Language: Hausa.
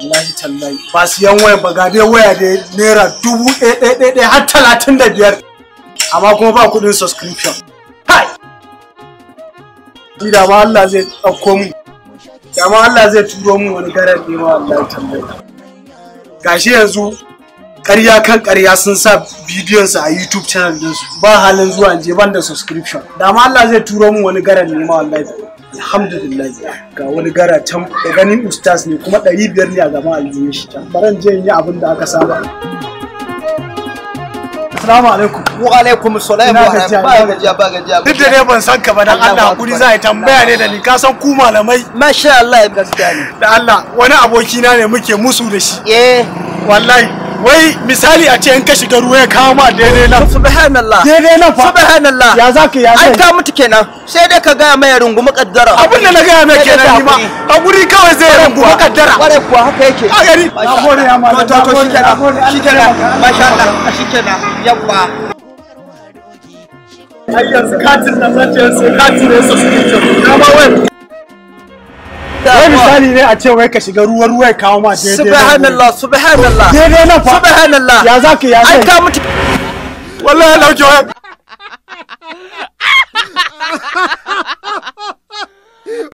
wallahi tallahi ba su siyan waya ba ga dai waya da naira dubu ɗaya har talatin da biyar amma kuma ba kuɗin subscription kai da ma Allah zai ɗauko mu da ma Allah zai turo mu wani garar ne ma wallahi tallahi gashi yanzu ƙarya kan ƙarya sun sa bidiyon su a YouTube channel ɗinsu ba halin zuwa je ban da subscription da ma Allah zai turo mu wani garar ne ma wallahi alhamdulillah ga wani gara can da ganin ustaz ne kuma ɗari biyar ne a gaban aljihun shi can baran je yi abin da aka saba Assalamu alaikum. Wa alaikum salam wa gajiya ba gajiya. Duk da ne ban san ka ba dan Allah hakuri za a tambaya ne da ni ka san ku malamai. Masha Allah gaskiya ne. Da Allah wani abokina ne muke musu da shi. Eh. Wallahi wai misali a ce in ka shiga ruwa ya kawo ma daidai nan subhanallah daidai nan fa subhanallah ya zaka ya an ka mutu kenan sai dai ka gaya mai rungumi kaddara abin da na gaya mai kenan ni ma a guri kawai zai rungumi kaddara kware kuwa haka yake a gari na gode ya ma to to shikenan shikenan masha Allah shikenan yawa har yanzu katin nan zan je su katin ne su suke na ba wai wai misali ne a ce wai ka shiga ruwa ruwa ya kawo ma daidai subhanallah subhanallah daidai nan fa subhanallah ya zaka ya zaka an ka mutu wallahi lauke